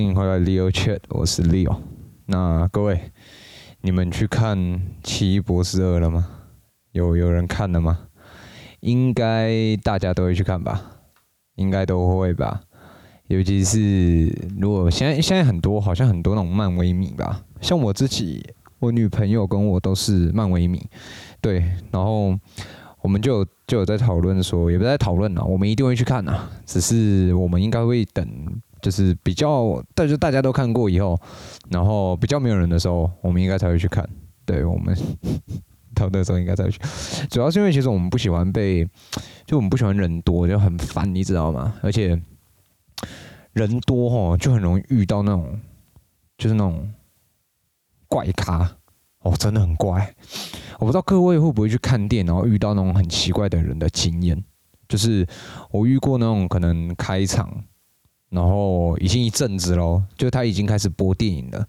歡迎回來，Leo Chat，我是 Leo。那各位，你們去看《奇異博士二》了嗎？有有人看了嗎？應該大家都會去看吧？應該都會吧？尤其是如果現在現在很多好像很多那種漫威迷吧，像我自己，我女朋友跟我都是漫威迷，對，然後我們就有就有在討論說，也不在討論了，我們一定會去看啊，只是我們應該會等。就是比較，但、就是大家都看過以後，然後比較沒有人的時候，我們應該才會去看。對我們， 到那時候應該才會去。主要是因為其實我們不喜歡被，就我們不喜歡人多就很煩，你知道嗎？而且人多、哦、就很容易遇到那種就是那種怪咖哦，真的很怪。我不知道各位會不會去看店，然後遇到那種很奇怪的人的經驗。就是我遇過那種可能開場。然後已經一陣子嘍，就他已經開始播電影了，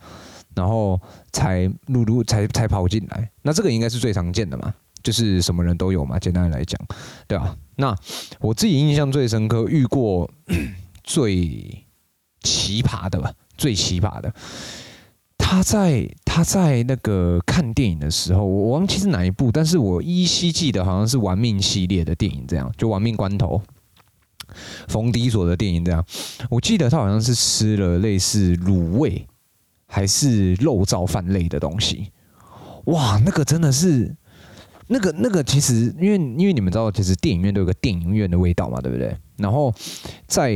然後才陸陸才才跑進來。那這個應該是最常見的嘛，就是什麼人都有嘛。簡單來講，對啊。那我自己印象最深刻、遇過最奇葩的吧，最奇葩的。他在他在那個看電影的時候，我忘記是哪一部，但是我依稀記得好像是《玩命》系列的電影，這樣，就《玩命關頭》。馮迪所的電影這樣，我記得他好像是吃了類似滷味還是肉燥飯類的東西，哇，那個真的是那個那個，那個、其實因為因為你們知道，其實電影院都有個電影院的味道嘛，對不對？然後在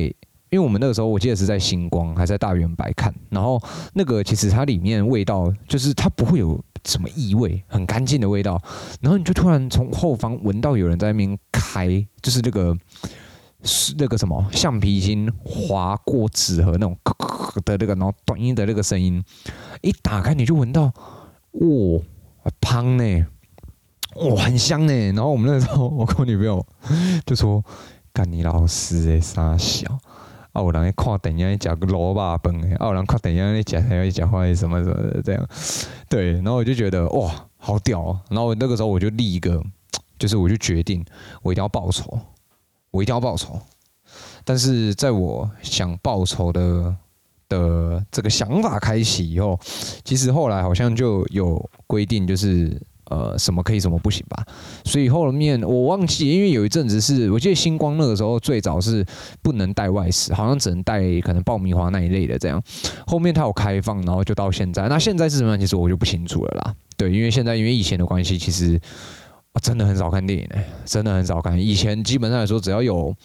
因為我們那個時候，我記得是在星光還在大遠百看，然後那個其實它裡面的味道就是它，不會有什麼異味，很乾淨的味道，然後你就突然從後方聞到有人在那邊開，就是那個。是那個什麼橡皮筋劃過紙盒那種“咔咔”的那個，然後短音的那個聲音，一打開你就聞到、哦，哇，香呢、欸，哇、哦，很香呢、欸。然後我們那時候，我跟我女朋友就說：“幹你老師哎、欸，三小啊！”有人看電影在講個蘿蔔飯啊，有人看電影在講還要講話什麼什麼的這樣。對，然後我就覺得哇，好屌、哦！然後那個時候我就立一個，就是我就決定，我一定要報仇。我一定要報仇，但是在我想報仇的的這個想法開啟以後，其實後來好像就有規定，就是呃，什麼可以，什麼不行吧。所以後面我忘記，因為有一陣子是我記得星光那個時候最早是不能帶外食，好像只能帶可能爆米花那一類的這樣。後面它有開放，然後就到現在。那現在是什麼？其實我就不清楚了啦。對，因為現在因為以前的關係，其實。哦、真的很少看電影哎真的很少看。以前基本上來說，只要有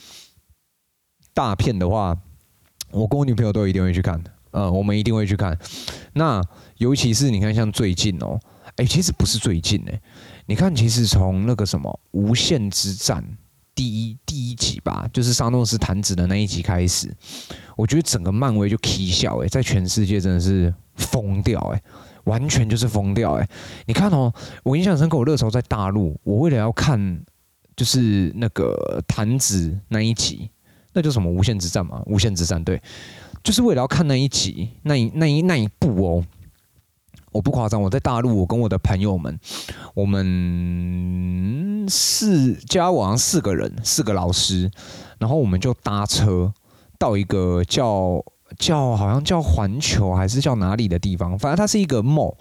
大片的話，我跟我女朋友都一定會去看。嗯，我們一定會去看。那尤其是你看，像最近哦、喔，誒、欸，其實不是最近哎你看，其實從那個什麼《無限之戰》第一第一集吧，就是沙諾斯彈指的那一集開始，我覺得整個漫威就起笑，誒，在全世界真的是瘋掉誒。完全就是瘋掉哎、欸！你看哦，我印象深刻，我那時候在大陸，我為了要看就是那個彈指那一集，那叫什麼《無限之戰》嘛，《無限之戰》對，就是為了要看那一集，那一那一那一部哦。我不誇張，我在大陸，我跟我的朋友們，我們四加我好像四個人，四個老師，然後我們就搭車到一個叫。叫好像叫環球還是叫哪裡的地方，反正它是一個 mall，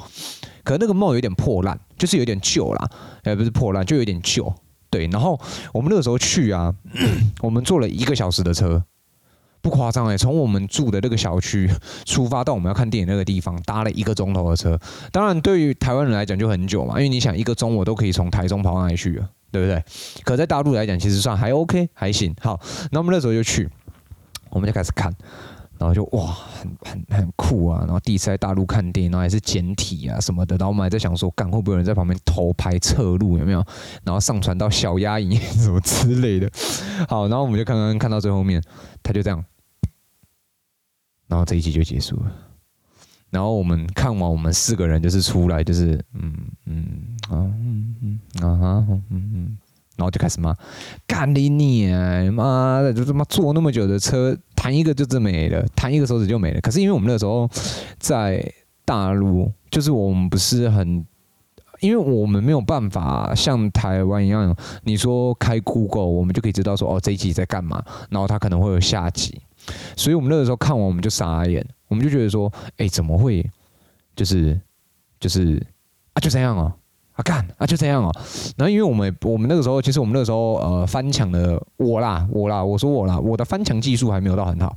可那個 mall 有點破爛，就是有點舊啦，哎不是破爛，就有點舊。對，然後我們那個時候去啊，我們坐了一個小時的車，不誇張哎，從我們住的那個小區出發到我們要看電影那個地方，搭了一個鐘頭的車。當然對於台灣人來講就很久嘛，因為你想一個鐘我都可以從台中跑來去了，對不對？可在大陸來講其實算還 OK 還行。好，那我們那時候就去，我們就開始看。然後就哇，很很很酷啊！然後第一次在大陸看電影，然後還是簡體啊什麼的。然後我們還在想說，幹會不會有人在旁邊偷拍側錄有沒有？然後上傳到小鴨影什麼之類的。好，然後我們就剛剛看，看到最後面，他就這樣。然後這一集就結束了。然後我們看完，我們四個人就是出來，就是嗯嗯啊嗯嗯啊哈嗯嗯。嗯啊嗯嗯啊嗯嗯然後就開始罵，幹你你媽的！就這麼坐那麼久的車，彈一個就這沒了，彈一個手指就沒了。可是因為我們那時候在大陸，就是我們不是很，因為我們沒有辦法像台灣一樣，你說開 Google，我們就可以知道說哦這一集在幹嘛，然後他可能會有下集。所以我們那個時候看完我們就傻眼，我們就覺得說，欸，怎麼會？就是就是啊，就這樣啊。啊，幹啊，就這樣哦、喔。然後，因為我們我們那個時候，其實我們那個時候，呃，翻牆的我啦，我啦，我說我啦，我的翻牆技術還沒有到很好，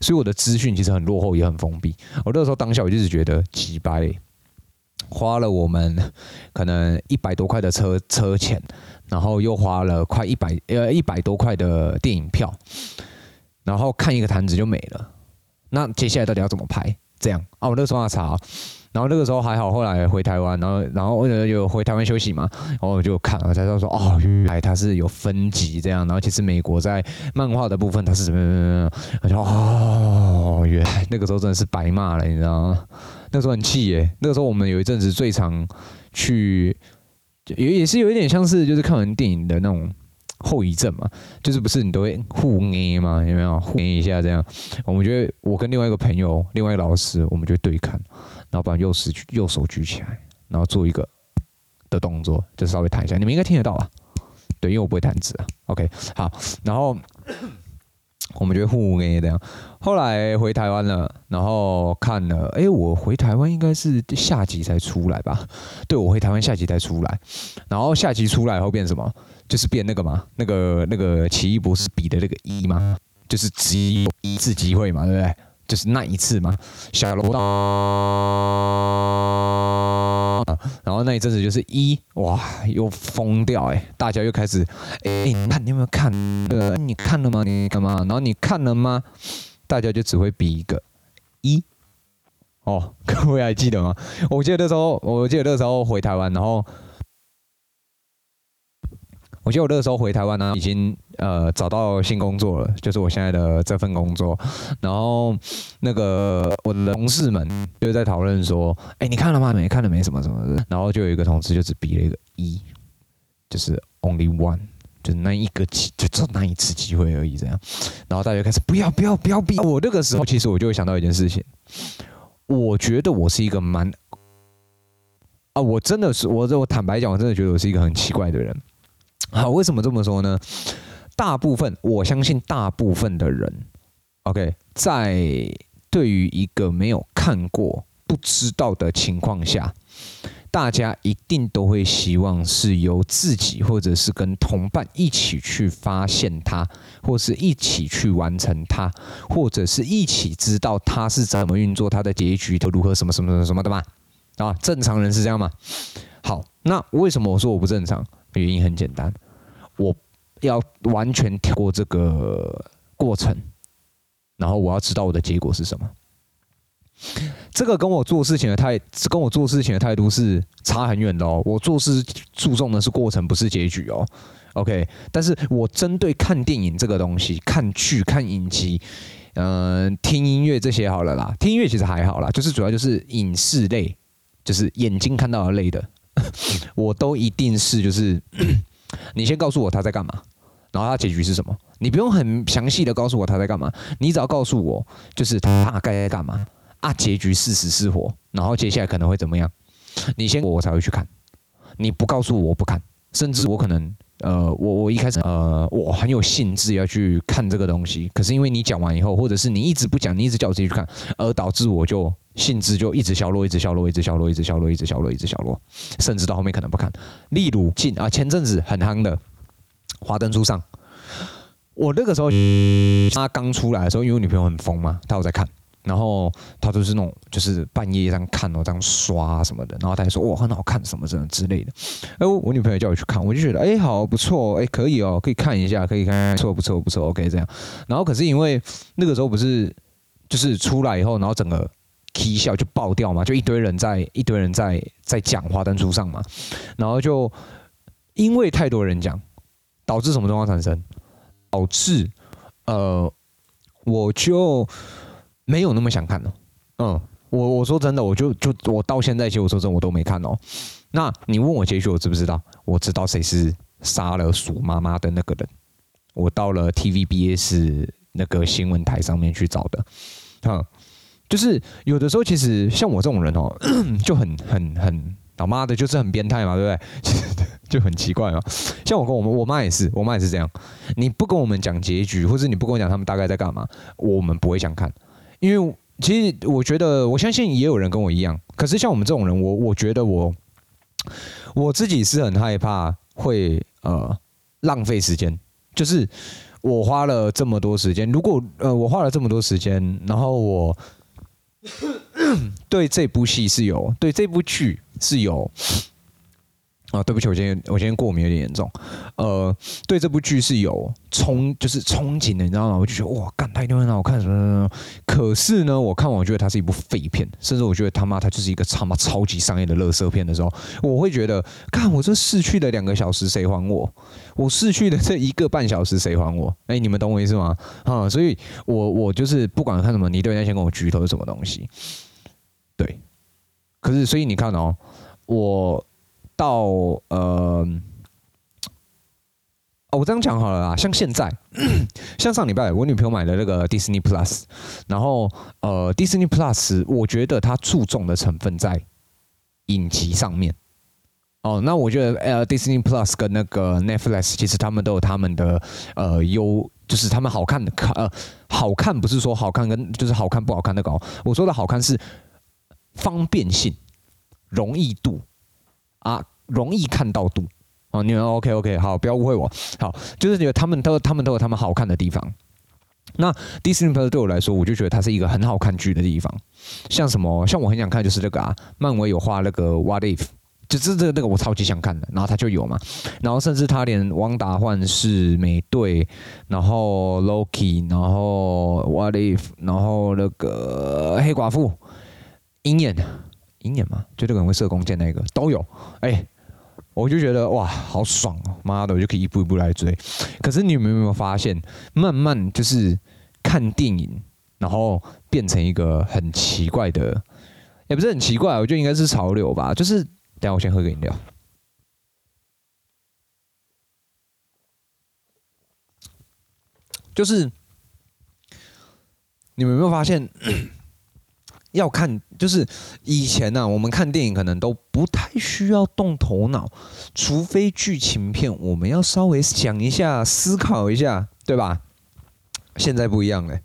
所以我的資訊其實很落後，也很封閉。我那時候當下我就是覺得，幾百花了我們可能一百多塊的車車錢，然後又花了快一百呃一百多塊的電影票，然後看一個壇子就沒了。那接下來到底要怎麼拍？這樣啊，我那個時候要查、喔。然後那個時候還好，後來回台灣，然後然後我有回台灣休息嘛，然後我就看了，了才知道說哦，原來他是有分級這樣，然後其實美國在漫畫的部分他是怎麼怎麼，我就哦，原來那個時候真的是白罵了，你知道嗎？那個時候很氣耶。那個時候我們有一陣子最常去，也也是有一點像是就是看完電影的那種後遺症嘛，就是不是你都會互捏嘛，有沒有互捏一下這樣？我們覺得我跟另外一個朋友，另外一個老師，我們就對看。然後把右手，右手舉起來，然後做一個的動作，就稍微彈一下，你們應該聽得到吧？對，因為我不會彈指啊。OK，好，然後我們就互 A 這樣。後來回台灣了，然後看了，誒，我回台灣應該是下集才出來吧？對，我回台灣下集才出來，然後下集出來以後變什麼？就是變那個嘛，那個那個奇異博士比的那個一嘛，就是只有一次機會嘛，對不對？就是那一次嘛，小樓道。然後那一陣子就是一，哇，又瘋掉欸，大家又開始，欸，你看你有沒有看這個？你看了嗎？你看了嗎？然後你看了嗎？大家就只會比一個一，哦，各位還記得嗎？我記得那時候，我記得那時候回台灣，然後。我記得我那個時候回台灣呢，已經呃找到新工作了，就是我現在的這份工作。然後那個我的同事們就在討論說：“哎、欸，你看了嗎？沒看了，沒什麼什麼的。”然後就有一個同事就只比了一個一，就是 only one，就是那一個機，就就那一次機會而已，這樣。然後大家就開始不要不要不要比，啊。我那個時候其實我就會想到一件事情，我覺得我是一個蠻啊，我真的是我這我坦白講，我真的覺得我是一個很奇怪的人。好，為什麼這麼說呢？大部分我相信，大部分的人，OK，在對於一個沒有看過、不知道的情況下，大家一定都會希望是由自己或者是跟同伴一起去發現它，或是一起去完成它，或者是一起知道它是怎麼運作，它的結局的如何，什麼什麼什麼什麼的吧。啊，正常人是這樣嘛？好，那為什麼我說我不正常？原因很簡單，我要完全跳過這個過程，然後我要知道我的結果是什麼。這個跟我做事情的態，跟我做事情的態度是差很遠的哦。我做事注重的是過程，不是結局哦。OK，但是我針對看電影這個東西，看劇、看影集，嗯、呃，聽音樂這些好了啦。聽音樂其實還好啦，就是主要就是影視類，就是眼睛看到的類的。 我都一定是就是，你先告訴我他在幹嘛，然後他結局是什麼？你不用很詳細的告訴我他在幹嘛，你只要告訴我就是他大概在幹嘛啊，結局是死是活，然後接下來可能會怎麼樣？你先我，我才會去看，你不告訴我我不看，甚至我可能。呃，我我一開始呃，我很有興致要去看這個東西，可是因為你講完以後，或者是你一直不講，你一直叫我自己去看，而導致我就興致就一直消落，一直消落，一直消落，一直消落，一直消落，一直消落，甚至到後面可能不看。例如，近，啊、呃，前陣子很夯的《華燈初上》，我那個時候他剛出來的時候，因為我女朋友很瘋嘛，他有在看。然後他就是那種，就是半夜這樣看哦，這樣刷、啊、什麼的。然後他就說：“哇，很好看，什麼什麼之類的。”哎，我女朋友叫我去看，我就覺得：“哎，好不錯，哎，可以哦，可以看一下，可以看，不錯，不錯，不錯，OK，這樣。”然後可是因為那個時候不是就是出來以後，然後整個 T 笑就爆掉嘛，就一堆人在一堆人在在講《華燈初上》嘛。然後就因為太多人講，導致什麼狀況產生？導致呃，我就。沒有那麼想看了，哦，嗯，我我說真的，我就就我到現在，其實我說真，我都沒看哦。那你問我結局，我知不知道？我知道誰是殺了鼠媽媽的那個人。我到了 TVBS 那個新聞台上面去找的，哈，嗯，就是有的時候其實像我這種人哦， 就很很很老媽的，就是很變態嘛，對不對？ 就很奇怪哦。像我跟我們我媽也是，我媽也是這樣。你不跟我們講結局，或是你不跟我們講他們大概在幹嘛，我們不會想看。因為其實我覺得，我相信也有人跟我一樣。可是像我們這種人，我我覺得我我自己是很害怕會呃浪費時間。就是我花了這麼多時間，如果呃我花了這麼多時間，然後我對這部戲是有，對這部劇是有。啊，對不起，我今天我今天過敏有點嚴重，呃，對這部劇是有憧就是憧憬的，你知道嗎？我就覺得哇，幹它一定會很好看什麼，什麼什麼，可是呢，我看完我覺得它是一部廢片，甚至我覺得他媽它就是一個他媽超級商業的垃圾片的時候，我會覺得，看我這逝去的兩個小時誰還我？我逝去的這一個半小時誰還我？哎、欸，你們懂我意思嗎？哈、嗯，所以我，我我就是不管看什麼，你對那先跟我舉頭是什麼東西？對，可是所以你看哦，我。到呃，哦，我這樣講好了啦。像現在，像上禮拜我女朋友買了那個 Disney Plus，然後呃，Disney Plus，我覺得它注重的成分在影集上面。哦，那我覺得呃，Disney Plus 跟那個 Netflix 其實他們都有他們的呃優，就是他們好看的看、呃，好看不是說好看跟就是好看不好看的搞，我說的好看是方便性、容易度啊。容易看到度啊，你、oh, 們 you know, OK OK 好，不要誤會我，好，就是覺得他們都他們都有他們好看的地方。那 Disney Plus 對我來說，我就覺得它是一個很好看劇的地方。像什麼，像我很想看就是那個啊，漫威有畫那個 What If，就是這個那、這個我超級想看的，然後他就有嘛。然後甚至他連《旺達幻視》、《美隊》、然後 Loki、然後 What If、然後那個黑寡婦、鷹眼、鷹眼嘛，就這個很會射弓箭那個都有，哎、欸。我就覺得哇，好爽哦！媽的，我就可以一步一步來追。可是你們有沒有發現，慢慢就是看電影，然後變成一個很奇怪的，也不是很奇怪，我覺得應該是潮流吧。就是，等下我先喝個飲料。就是你們有沒有發現？ 要看，就是以前呢、啊，我們看電影可能都不太需要動頭腦，除非劇情片，我們要稍微想一下、思考一下，對吧？現在不一樣嘞、欸，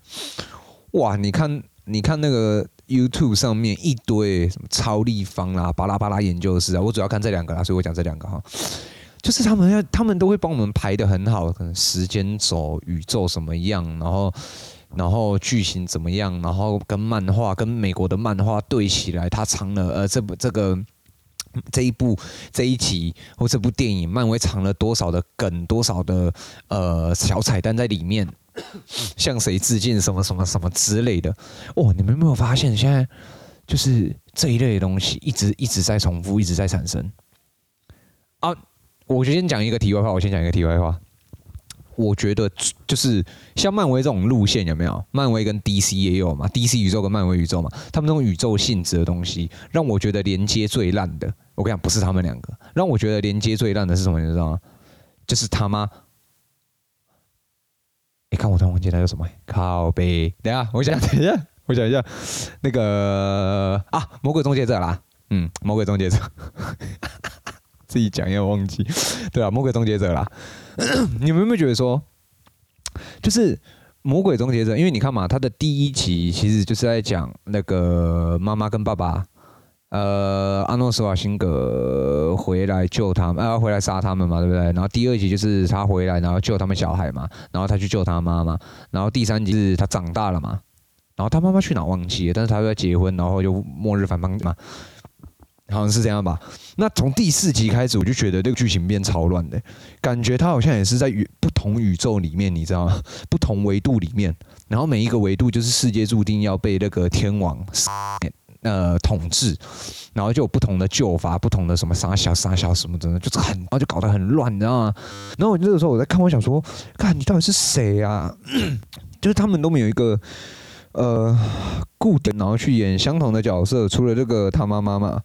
哇！你看，你看那個 YouTube 上面一堆什麼超立方啦、巴拉巴拉研究室啊，我主要看這兩個啦，所以我講這兩個哈，就是他們要，他們都會幫我們排得很好，可能時間軸、宇宙什麼樣，然後。然後劇情怎麼樣？然後跟漫畫、跟美國的漫畫對起來，它藏了呃這部這個這一部，這一集或這部電影，漫威藏了多少的梗、多少的呃小彩蛋在裡面、嗯？向誰致敬？什麼什麼什麼之類的？哦，你們有沒有發現現在就是這一類的東西一直一直在重複，一直在產生啊？我先講一個題外話，我先講一個題外話。我覺得就是像漫威這種路線有沒有？漫威跟 DC 也有嘛，DC 宇宙跟漫威宇宙嘛，他們這種宇宙性質的東西，讓我覺得連接最爛的，我跟你講不是他們兩個，讓我覺得連接最爛的是什麼你知道嗎？就是他媽，你看我突然忘記那有什麼、欸，靠北，等一下，我想想，等一下，我想一下，那個啊，魔鬼終結者啦，嗯，魔鬼終結者。 自己講要忘記， 對啊，魔鬼終結者啦，咳咳你們有沒有覺得說，就是魔鬼終結者？因為你看嘛，他的第一集其實就是在講那個媽媽跟爸爸，呃，阿諾斯瓦辛格回來救他們，然後啊，回來殺他們嘛，對不對？然後第二集就是他回來，然後救他們小孩嘛，然後他去救他媽媽，然後第三集是他長大了嘛，然後他媽媽去哪兒忘記了，但是他要結婚，然後就末日反方嘛。好像是這樣吧。那從第四集開始，我就覺得這個劇情變超亂的，欸，感覺他好像也是在不同宇宙裡面，你知道嗎？不同維度裡面，然後每一個維度就是世界注定要被那個天王呃統治，然後就有不同的舊法，不同的什麼三小三小什麼的，就是很，然後就搞得很亂，你知道嗎？然後我這個時候我在看，我想說，看你到底是誰啊？就是他們都沒有一個呃固定，然後去演相同的角色，除了這個他媽媽嘛。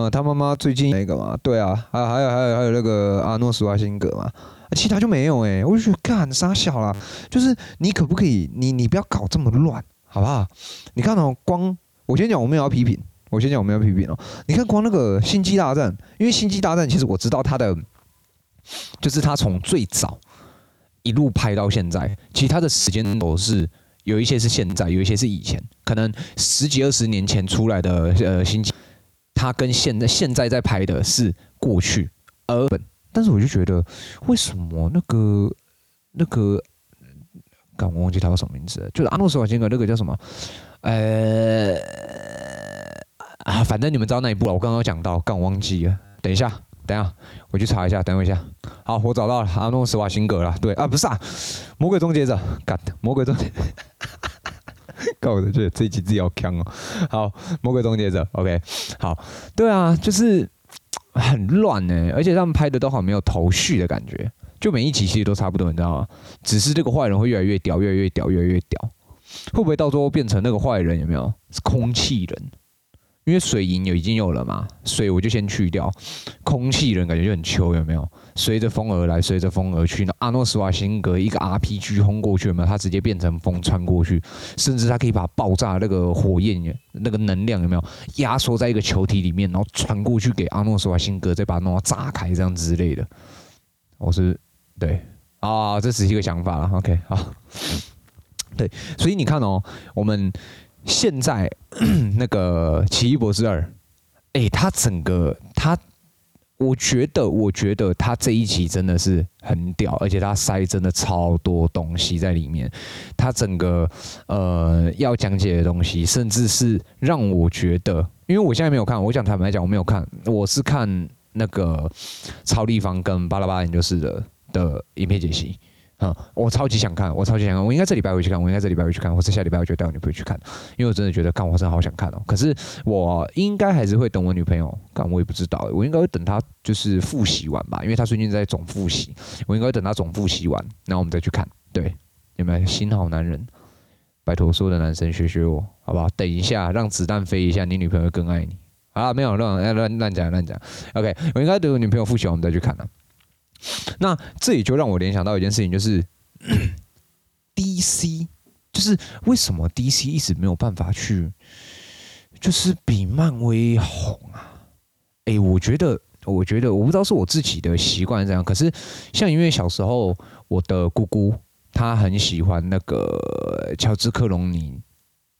呃、嗯，他媽媽最近那個嘛，對啊，還有還有還有還有那個阿諾斯瓦辛格嘛，其他就沒有哎、欸，我就覺得幹殺小啦，就是你可不可以，你你不要搞這麼亂，好不好？你看哦、喔，光我先講，我沒有要批評，我先講我沒有要批評哦、喔。你看光那個《星際大戰》，因為《星際大戰》其實我知道它的，就是它從最早一路拍到現在，其他的時間都是有一些是現在，有一些是以前，可能十幾二十年前出來的呃星際他跟現在現在在拍的是過去，而本，但是我就覺得為什麼那個那個，剛我忘記他叫什麼名字了，就是阿諾斯瓦辛格那個叫什麼，呃、欸、啊，反正你們知道哪一部啊？我剛剛講到，剛忘記了，等一下，等一下，我去查一下，等我一下，好，我找到了阿諾斯瓦辛格了，對啊，不是啊，魔鬼終結者，God，魔鬼終。 告我的，這這集只要好哦、喔。好，魔鬼終結者，OK。好，對啊，就是很亂呢、欸。而且他們拍的都好沒有頭緒的感覺，就每一集其實都差不多，你知道嗎？只是這個壞人會越來越屌，越來越屌，越來越屌。會不會到最後變成那個壞人？有沒有？是空氣人，因為水銀有已經有了嘛，所以我就先去掉空氣人，感覺就很秋，有沒有？隨着風而來，隨着風而去。呢。阿諾斯瓦辛格一個 RPG 轟過去，有沒有？他直接變成風穿過去，甚至他可以把爆炸那個火焰、那個能量有沒有壓縮在一個球體裡面，然後穿過去給阿諾斯瓦辛格，再把它弄到炸開，這樣之類的。我、哦、是，是對啊、哦，這只是一個想法了。OK，好。對，所以你看哦、喔，我們現在那個《奇異博士二》，哎，他整個他。我覺得，我覺得他這一集真的是很屌，而且他塞真的超多東西在裡面。他整個呃要講解的東西，甚至是讓我覺得，因為我現在沒有看，我想坦白講，我沒有看，我是看那個超立方跟巴拉巴研究室的的影片解析。嗯，我超級想看，我超級想看，我應該這禮拜會去看，我應該這禮拜會去看，或者下禮拜我就帶我女朋友去看，因為我真的覺得看，我真的好想看哦。可是我應該還是會等我女朋友看，我也不知道，我應該會等她就是複習完吧，因為她最近在總複習，我應該會等她總複習完，然後我們再去看。對，有沒有新好男人？拜托所有的男生學學我，好不好？等一下，讓子彈飛一下，你女朋友更愛你。啊，沒有亂亂亂講亂講。OK，我應該等我女朋友複習完我們再去看啊。那這也就讓我聯想到一件事情，就是 DC，就是為什麼 DC 一直沒有辦法去，就是比漫威紅啊？哎、欸，我覺得，我覺得，我不知道是我自己的習慣這樣，可是像因為小時候我的姑姑她很喜歡那個喬治·克隆尼，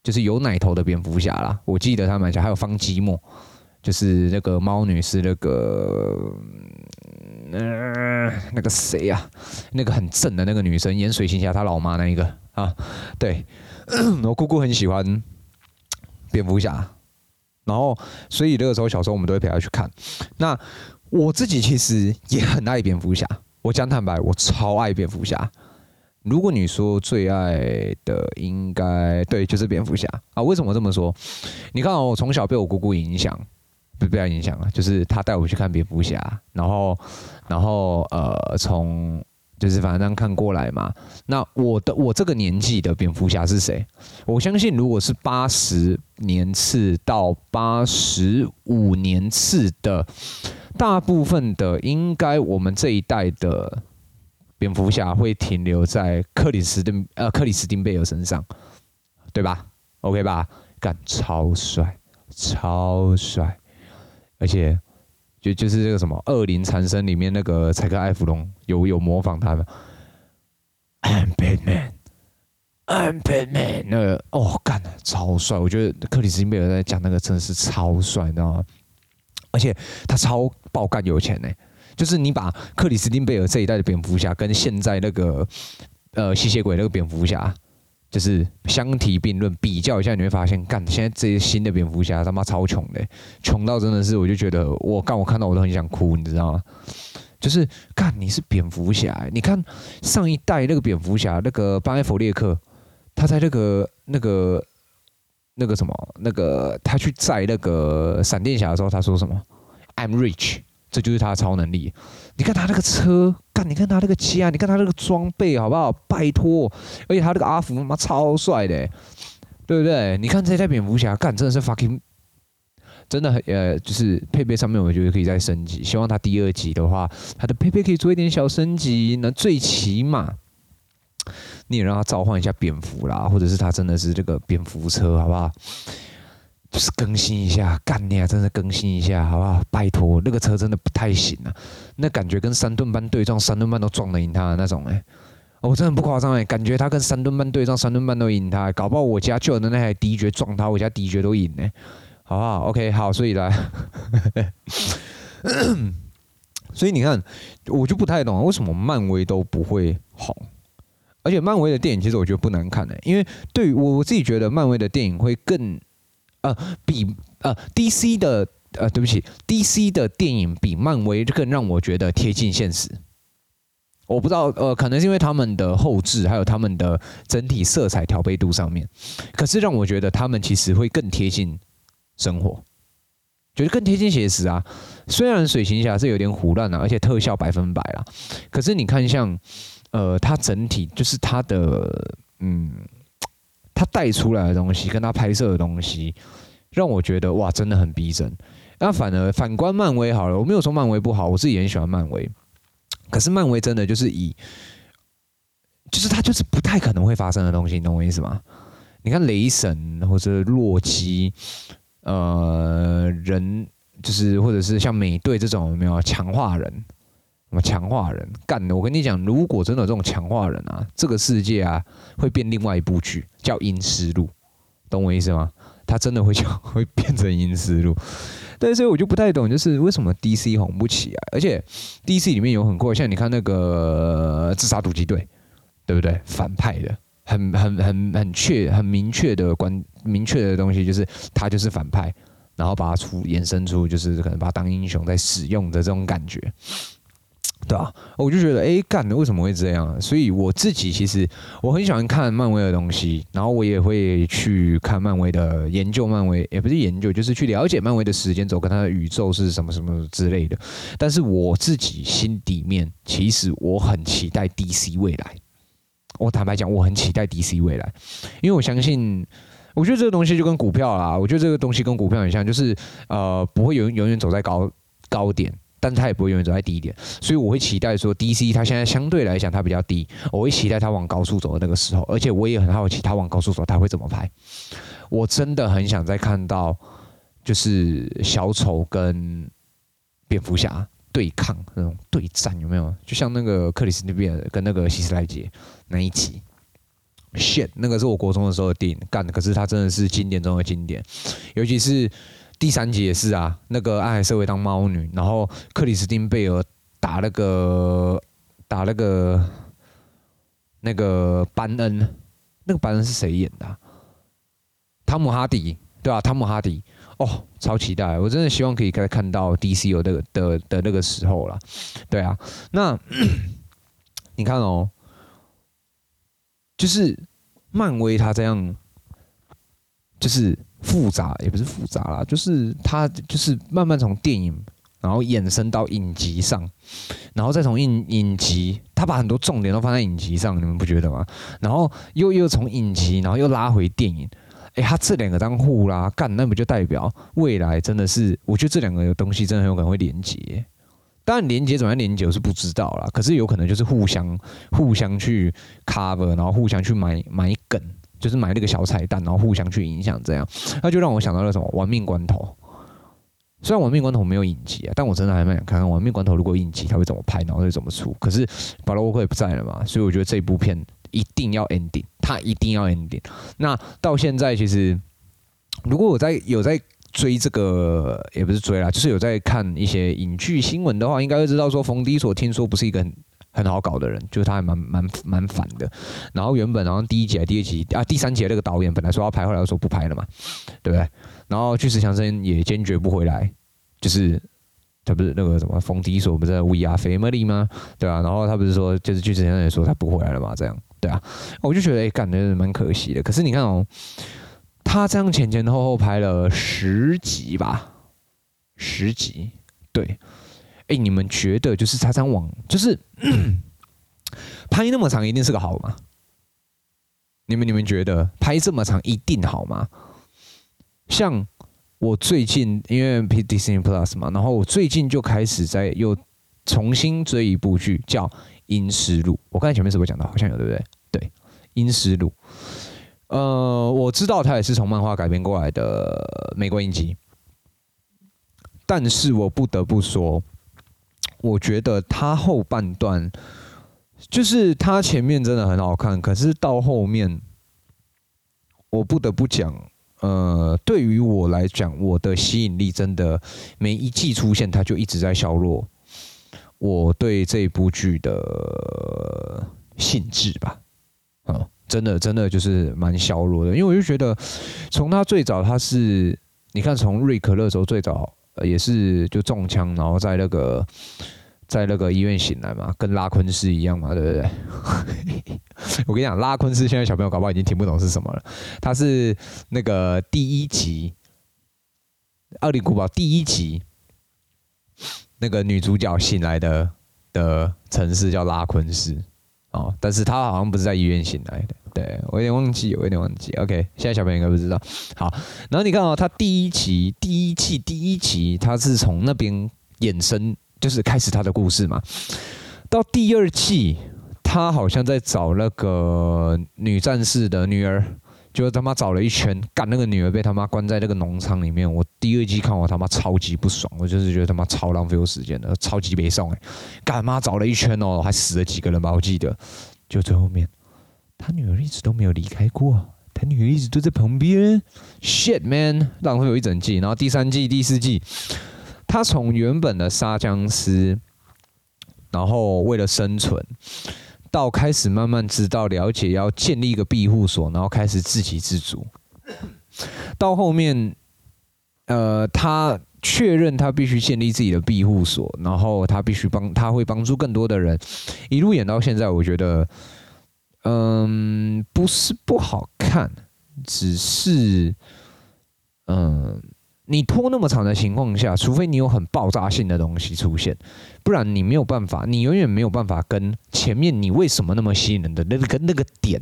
就是有奶頭的蝙蝠俠啦，我記得他們家還有方基墨，就是那個貓女士那個。嗯、呃，那個誰呀、啊？那個很正的那個女生演水行俠，她老媽那一個啊。對，我姑姑很喜歡蝙蝠俠，然後所以那個時候小時候我們都會陪她去看。那我自己其實也很愛蝙蝠俠，我講坦白，我超愛蝙蝠俠。如果你說最愛的應，應該對就是蝙蝠俠啊。為什麼這麼說？你看，我從小被我姑姑影響。不不要影響啊，就是他帶我去看蝙蝠俠，然後然後呃，從就是反正這樣看過來嘛。那我的我這個年紀的蝙蝠俠是誰？我相信，如果是八十年次到八十五年次的，大部分的應該我們這一代的蝙蝠俠會停留在克里斯汀呃克里斯汀貝爾身上，對吧？OK 吧？幹超帥，超帥。超而且，就就是這個什麼《惡靈纏身》裡面那個柴克艾弗龍，有有模仿他的。I'm Batman, I'm Batman 那個哦，幹了，超帥！我覺得克里斯汀貝爾在講那個真的是超帥，你知道嗎？而且他超爆幹有錢呢、欸，就是你把克里斯汀貝爾這一代的蝙蝠俠跟現在那個呃吸血鬼那個蝙蝠俠。就是相提並論，比較一下你會發現，幹現在這些新的蝙蝠俠他媽超窮的，窮到真的是，我就覺得我幹我看到我都很想哭，你知道嗎？就是幹你是蝙蝠俠，你看上一代那個蝙蝠俠那個班艾佛列克，他在那個那個那個什麼，那個他去載那個閃電俠的時候，他說什麼？I'm rich，這就是他的超能力。你看他那個車。你看他那個啊，你看他那個裝備，好不好？拜託，而且他那個阿福他媽超帥的，對不對？你看這台蝙蝠俠，幹真的是 fucking，真的很呃，就是配備上面我覺得可以再升級。希望他第二集的話，他的配備可以做一點小升級，那最起碼你也讓他召喚一下蝙蝠啦，或者是他真的是這個蝙蝠車，好不好？就是更新一下，幹你啊，真的更新一下，好不好？拜托，那個車真的不太行啊！那感覺跟三噸半對撞，三噸半都撞得贏他的那種哎、欸，我、哦、真的不誇張哎，感覺他跟三噸半對撞，三噸半都贏他、欸，搞不好我家舊的那台 D 級撞他，我家 D 級都贏呢、欸，好不好？OK，好，所以來， 所以你看，我就不太懂、啊、為什麼漫威都不會紅，而且漫威的電影其實我覺得不難看的、欸，因為對我我自己覺得漫威的電影會更。呃，比呃 DC 的呃，對不起，DC 的電影比漫威更讓我覺得貼近現實。我不知道，呃，可能是因為他們的後製，還有他們的整體色彩調配度上面，可是讓我覺得他們其實會更貼近生活，覺得更貼近現實啊。雖然水行俠是有點胡亂啊，而且特效百分百啦，可是你看像呃，它整體就是它的嗯。他帶出來的東西跟他拍攝的東西，讓我覺得哇，真的很逼真。那反而反觀漫威好了，我沒有說漫威不好，我自己很喜歡漫威。可是漫威真的就是以，就是他就是不太可能會發生的東西，你懂我意思嗎？你看雷神或者洛基，呃，人就是或者是像美隊這種有沒有強化人？什麼強化人幹的？我跟你講，如果真的有這種強化人啊，這個世界啊會變另外一部劇，叫《陰屍路》，懂我意思嗎？他真的會講，會變成陰屍路。但是我就不太懂，就是為什麼 DC 紅不起來啊？而且 DC 裡面有很怪，像你看那個《自殺突擊隊》，對不對？反派的，很很很很確很明確的關明確的東西，就是他就是反派，然後把他出衍生出，就是可能把他當英雄在使用的這種感覺。對啊，我就覺得誒，幹的為什麼會這樣？所以我自己其實我很喜歡看漫威的東西，然後我也會去看漫威的研究，漫威也不是研究，就是去了解漫威的時間軸跟它的宇宙是什麼什麼之類的。但是我自己心底面，其實我很期待 DC 未來。我坦白講，我很期待 DC 未來，因為我相信，我覺得這個東西就跟股票啦，我覺得這個東西跟股票很像，就是呃，不會永永遠走在高高點。但它也不會永遠走在低一點，所以我會期待說，DC 它現在相對來講它比較低，我會期待它往高處走的那個時候，而且我也很好奇它往高處走它會怎麼拍。我真的很想再看到，就是小丑跟蝙蝠俠對抗那種對戰有沒有？就像那個克里斯蒂貝爾跟那個希斯萊傑那一集，shit，那個是我國中的時候的電影幹的，可是它真的是經典中的經典，尤其是。第三集也是啊，那個安海瑟薇當貓女，然後克里斯汀貝爾打那個打那個那個班恩，那個班恩是誰演的啊？湯姆哈迪，對啊，湯姆哈迪哦，超期待！我真的希望可以再看到 DC 有那個的的那個時候了。對啊，那你看哦，就是漫威他這樣，就是。複雜也不是複雜啦，就是他就是慢慢從電影，然後衍生到影集上，然後再從影影集，他把很多重點都放在影集上，你們不覺得嗎？然後又又從影集，然後又拉回電影，誒、欸，他這兩個當互啦，幹那不就代表未來真的是，我覺得這兩個東西真的很有可能會連結，但連結怎麼樣？連結我是不知道啦，可是有可能就是互相互相去 cover，然後互相去埋埋梗。就是買那個小彩蛋，然後互相去影響，這樣，那就讓我想到了什麼《玩命關頭》。雖然《玩命關頭》沒有影集啊，但我真的還蠻想看看《玩命關頭》如果影集他會怎麼拍，然後會怎麼出。可是保羅沃克也不在了嘛，所以我覺得這部片一定要 ending，他一定要 ending。那到現在，其實如果我在有在追這個，也不是追啦，就是有在看一些影劇新聞的話，應該會知道說馮迪索聽說不是一個很。很好搞的人，就是他還蠻蠻蠻煩的。然後原本然後第一集、第二集啊，第三集的那個導演本來說要拍，後來說不拍了嘛，對不對？然後巨石強森也堅決不回來，就是他不是那個什麼封底說不是 We are family 嗎？對啊，然後他不是說，就是巨石強森也說他不回來了嘛，這樣對啊。我就覺得哎，感覺蠻可惜的。可是你看哦，他這樣前前後後拍了十集吧，十集對。哎、欸，你們覺得就是《財張網》就是、嗯、拍那麼長一定是個好嗎？你們你們覺得拍這麼長一定好嗎？像我最近因為 Disney Plus 嘛，然後我最近就開始在又重新追一部劇叫《陰屍路》。我剛才前面是不是講到好像有對不對？對，《陰屍路》呃，我知道它也是從漫畫改編過來的美國影集，但是我不得不說。我覺得他後半段，就是他前面真的很好看，可是到後面，我不得不講，呃，對於我來講，我的吸引力真的每一季出現，他就一直在削弱，我對這部劇的興致吧，啊、嗯，真的真的就是蠻削弱的，因為我就覺得，從他最早他是，你看從瑞可樂時候最早。也是就中槍，然後在那個在那個醫院醒來嘛，跟拉昆斯一樣嘛，對不對？ 我跟你講，拉昆斯現在小朋友搞不好已經聽不懂是什麼了。他是那個第一集《惡靈古堡》第一集那個女主角醒來的的城市叫拉昆斯哦，但是她好像不是在醫院醒來的。對，我有點忘記，我有點忘記。OK，現在小朋友應該不知道。好，然後你看哦，他第一集、第一季、第一集，他是從那邊衍生，就是開始他的故事嘛。到第二季，他好像在找那個女戰士的女兒，就他媽找了一圈，幹那個女兒被他媽關在那個農場裡面。我第二季看我他媽超級不爽，我就是覺得他媽超浪費我時間的，超級悲傷哎，幹，媽找了一圈哦，還死了幾個人吧？我記得，就最後面。他女兒一直都沒有離開過，他女兒一直都在旁邊。Shit man，浪費我有一整季，然後第三季、第四季，他從原本的殺殭屍，然後為了生存，到開始慢慢知道了解要建立一個庇護所，然後開始自給自足。到後面，呃，他確認他必須建立自己的庇護所，然後他必須幫他會幫助更多的人，一路演到現在，我覺得。嗯，不是不好看，只是，嗯，你拖那麼長的情況下，除非你有很爆炸性的東西出現，不然你沒有辦法，你永遠沒有辦法跟前面你為什麼那麼吸引人的那個跟那個點，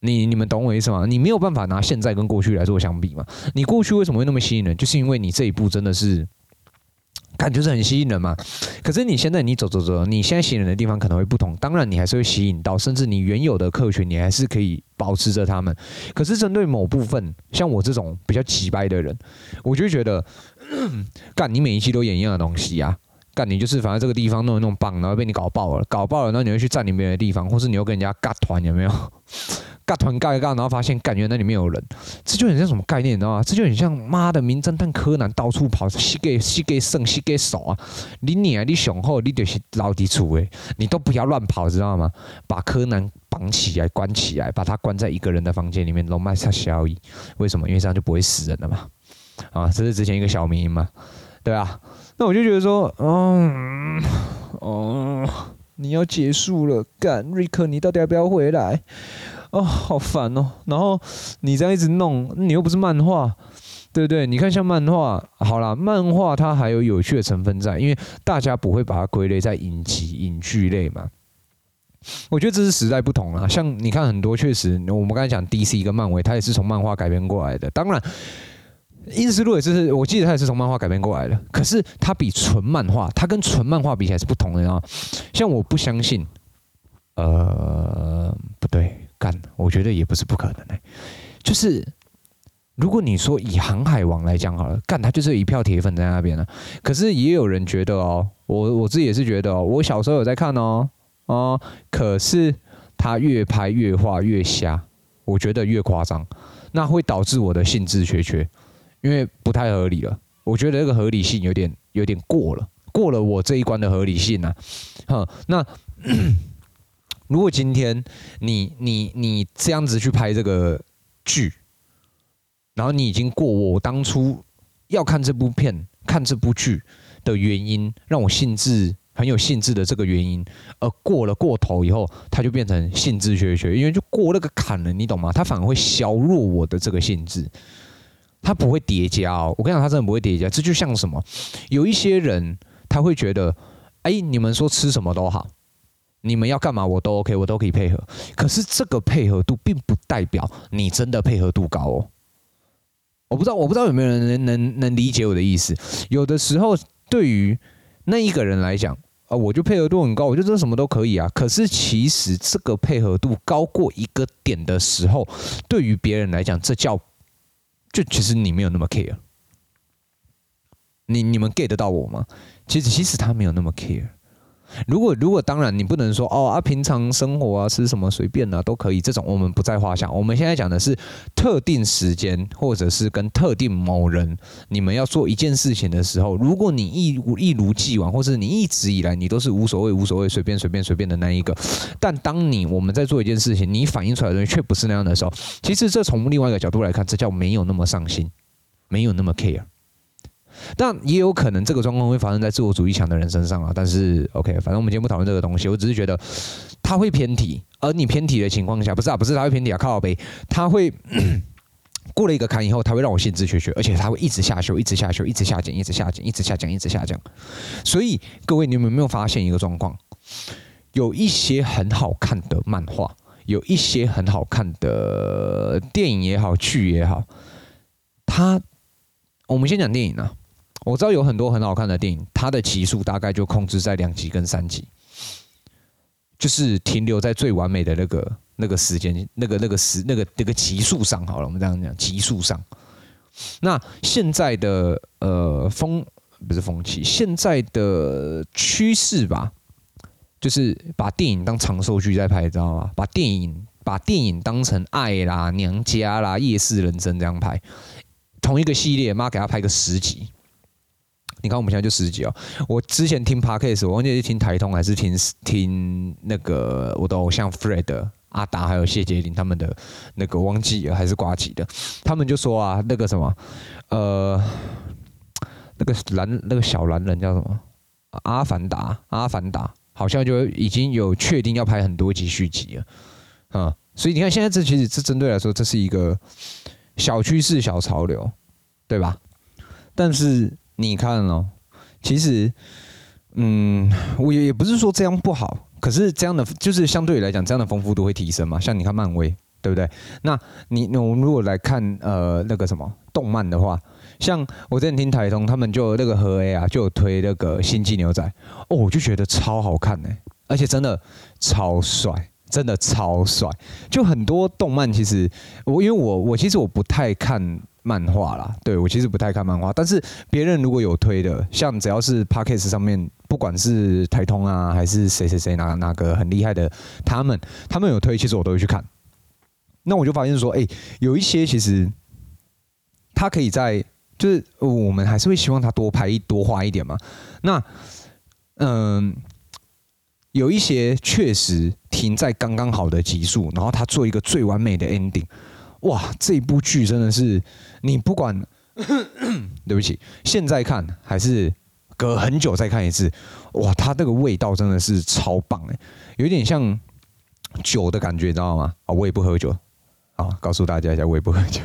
你你們懂我意思嗎？你沒有辦法拿現在跟過去來做相比嘛？你過去為什麼會那麼吸引人，就是因為你這一部真的是。感覺是很吸引人嘛，可是你現在你走走走，你現在吸引人的地方可能會不同。當然，你還是會吸引到，甚至你原有的客群，你還是可以保持着他們。可是針對某部分，像我這種比較奇葩的人，我就覺得，嗯，幹，你每一期都演一樣的東西啊。幹你就是，反正這個地方弄一弄棒，然後被你搞爆了，搞爆了，然後你會去占裡面的地方，或是你又跟人家尬團，有沒有？尬團尬一尬，然後發現感覺那裡面有人，這就很像什麼概念，你知道嗎？這就很像媽的《名偵探柯南》到處跑，西給西給剩，西給少啊！你你好你雄厚，你得是撈底處誒，你都不要亂跑，知道嗎？把柯南綁起來，關起來，把他關在一個人的房間裡面，然後賣下宵夜，為什麼？因為這樣就不會死人了嘛。啊，這是之前一個小名嘛，對吧、啊？那我就覺得說，哦，嗯，哦，你要結束了，幹，瑞克，你到底要不要回來？哦，好煩哦。然後你這樣一直弄，你又不是漫畫，對不對？你看像漫畫，好啦，漫畫它還有有趣的成分在，因為大家不會把它歸類在影集、影劇類嘛。我覺得這是時代不同啦。像你看，很多確實，我們剛才講 DC 跟漫威，它也是從漫畫改編過來的。當然。《陰屍路》也是，我記得他也是從漫畫改編過來的。可是他比純漫畫，他跟純漫畫比起來是不同的啊。像我不相信，呃，不對，幹，我覺得也不是不可能哎、欸。就是如果你說以《航海王》來講好了，幹，他就是一票鐵粉在那邊了。可是也有人覺得哦、喔，我我自己也是覺得哦、喔，我小時候有在看哦哦，可是他越拍越畫越瞎，我覺得越誇張，那會導致我的興致缺缺。因為不太合理了，我覺得這個合理性有點有點過了，過了我這一關的合理性呢、啊？哈，那咳咳如果今天你你你這樣子去拍這個劇，然後你已經過我當初要看這部片、看這部劇的原因，讓我興致很有興致的這個原因，而過了過頭以後，它就變成興致缺缺，因為就過那個坎了，你懂嗎？它反而會削弱我的這個興致。它不會疊加哦，我跟你講，它真的不會疊加。這就像什麼，有一些人他會覺得，哎，你們說吃什麼都好，你們要幹嘛我都 OK，我都可以配合。可是這個配合度並不代表你真的配合度高哦。我不知道，我不知道有沒有人能能能理解我的意思。有的時候對於那一個人來講啊，我就配合度很高，我就真的什麼都可以啊。可是其實這個配合度高過一個點的時候，對於別人來講，這叫。就其實你沒有那麼 care，你你們 get 得到我嗎？其實其實他沒有那麼 care。如果如果當然，你不能說哦啊，平常生活啊，吃什麼隨便的、啊、都可以，這種我們不在話下。我們現在講的是特定時間，或者是跟特定某人，你們要做一件事情的時候，如果你一一如，一如既往，或者你一直以來你都是無所謂無所謂，隨便隨便隨便的那一個，但當你我們在做一件事情，你反映出來的東西卻不是那樣的時候，其實這從另外一個角度來看，這叫沒有那麼上心，沒有那麼 care。但也有可能這個狀況會發生在自我主義強的人身上啊。但是，OK，反正我們今天不討論這個東西。我只是覺得他會偏題，而你偏題的情況下，不是啊，不是他、啊，他會偏題啊，靠北，他會過了一個坎以後，他會讓我興致缺缺，而且他會一直下修，一直下修，一直下減，一直下減，一直下降，一直下降。所以，各位，你們有沒有發現一個狀況？有一些很好看的漫畫，有一些很好看的電影也好，劇也好，他，我們先講電影啊。我知道有很多很好看的電影，它的集數大概就控制在兩集跟三集，就是停留在最完美的那個那個時間，那個那個時，那個那個集數上。好了，我們這樣講，集數上。那現在的呃風不是風氣，現在的趨勢吧，就是把電影當長壽劇在拍，知道嗎？把電影把電影當成愛啦、娘家啦、夜市人生這樣拍，同一個系列，媽給他拍個十集。你看，我們現在就十幾哦。我之前聽 Podcast 我忘記是聽台通還是聽聽那個我的偶像 Fred 阿達，還有謝杰林他們的那個忘記了還是呱吉的，他們就說啊，那個什麼，呃，那個藍那個小藍人叫什麼？阿凡達，阿凡達好像就已經有確定要拍很多集續集了啊、嗯。所以你看，現在這其實是針對來說，這是一個小趨勢、小潮流，對吧？但是。你看哦，其實，嗯，我也也不是說這樣不好，可是這樣的就是相對來講，這樣的豐富度會提升嘛。像你看漫威，對不對？那你那我們如果來看呃那個什麼動漫的話，像我之前聽台通他們就那個和 A 啊，就有推那個星際牛仔，哦，我就覺得超好看呢。而且真的超帥，真的超帥。就很多動漫其實，我因為我我其實我不太看。漫畫啦，對我其實不太看漫畫，但是別人如果有推的，像只要是 Podcast 上面，不管是台通啊，還是誰誰誰哪哪個很厲害的，他們他們有推，其實我都會去看。那我就發現說，哎、欸，有一些其實他可以在，就是我們還是會希望他多拍多花一點嘛。那嗯，有一些確實停在剛剛好的集數，然後他做一個最完美的 ending。哇，這部劇真的是。你不管， 對不起，現在看還是隔很久再看一次，哇，它那個味道真的是超棒誒，有點像酒的感覺，你知道嗎？啊、哦，我也不喝酒，啊、哦，告訴大家一下，我也不喝酒。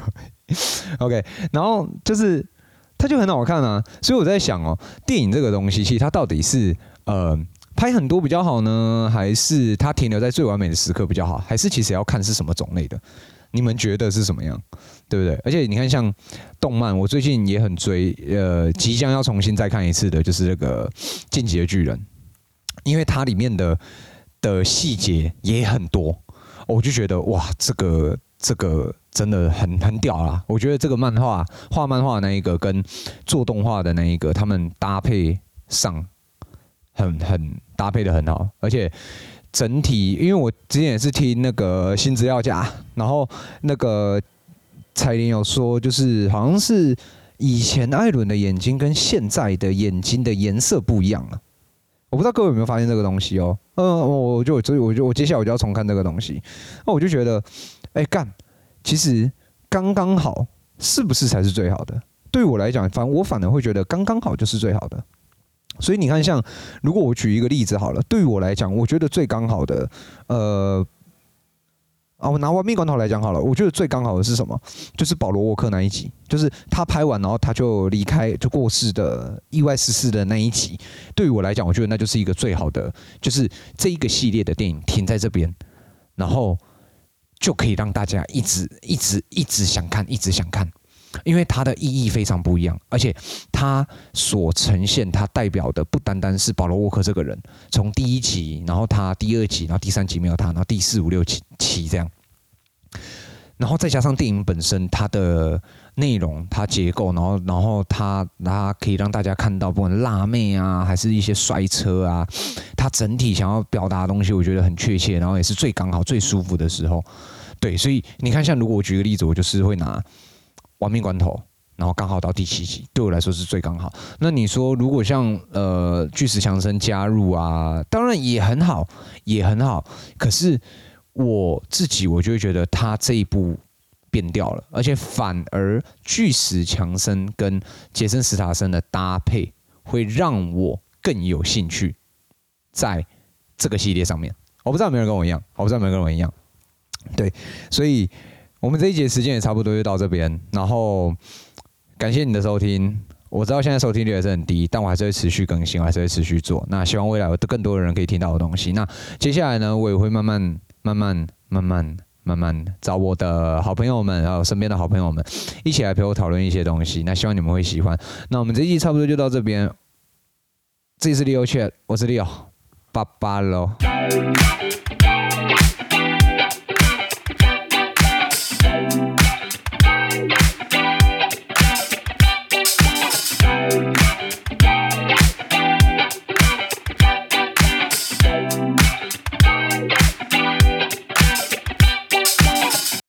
OK，然後就是它就很好看啊，所以我在想哦，電影這個東西，其實它到底是呃拍很多比較好呢，還是它停留在最完美的時刻比較好？還是其實要看是什麼種類的？你們覺得是什麼樣，對不對？而且你看，像動漫，我最近也很追，呃，即將要重新再看一次的，就是那個《進擊的巨人》，因為它裡面的的細節也很多，我就覺得哇，這個這個真的很很屌啦！我覺得這個漫畫畫漫畫那一個跟做動畫的那一個，他們搭配上很很搭配得很好，而且。整體，因為我之前也是聽那個新資料加，然後那個彩鈴有說，就是好像是以前艾倫的眼睛跟現在的眼睛的顏色不一樣了、啊。我不知道各位有沒有發現這個東西哦。嗯、呃，我就所以我就我，我接下來我就要重看這個東西。那我就覺得，哎、欸、幹，其實剛剛好是不是才是最好的？對我來講，反正我反而會覺得剛剛好就是最好的。所以你看像，像如果我舉一個例子好了，對於我來講，我覺得最剛好的，呃，啊，我拿《玩命關頭》來講好了，我覺得最剛好的是什麼？就是保羅沃克那一集，就是他拍完然後他就離開就過世的意外逝世的那一集。對於我來講，我覺得那就是一個最好的，就是這一個系列的電影停在這邊，然後就可以讓大家一直一直一直想看，一直想看。因為它的意義非常不一樣，而且它所呈現它代表的不單單是保羅沃克這個人，從第一集，然後他第二集，然後第三集沒有他，然後第四五六七七這樣，然後再加上電影本身它的內容、它結構，然後然後它它可以讓大家看到，不管辣妹啊，還是一些摔車啊，他整體想要表達的東西，我覺得很確切，然後也是最剛好、最舒服的時候。對，所以你看，像如果我舉個例子，我就是會拿。玩命關頭，然後剛好到第七集，對我來說是最剛好。那你說，如果像呃，巨石強森加入啊，當然也很好，也很好。可是我自己我就會覺得他這一部變掉了，而且反而巨石強森跟傑森·史塔森的搭配會讓我更有興趣在這個系列上面。我不知道有沒有人跟我一樣，我不知道有沒有跟我一樣。對，所以。我們這一節時間也差不多就到這邊，然後感謝你的收聽。我知道現在收聽率也是很低，但我還是會持續更新，我還是會持續做。那希望未來有更多的人可以聽到我的東西。那接下來呢，我也會慢慢、慢慢、慢慢、慢慢找我的好朋友們，還、啊、有身邊的好朋友們，一起來陪我討論一些東西。那希望你們會喜歡。那我們這一集差不多就到這邊。這裡是 Leo Chat，我是 Leo，拜拜嘍。